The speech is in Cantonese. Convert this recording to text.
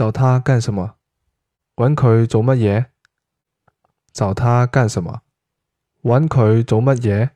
找他幹什麼？搵佢做乜嘢？找他幹什麼？搵佢做乜嘢？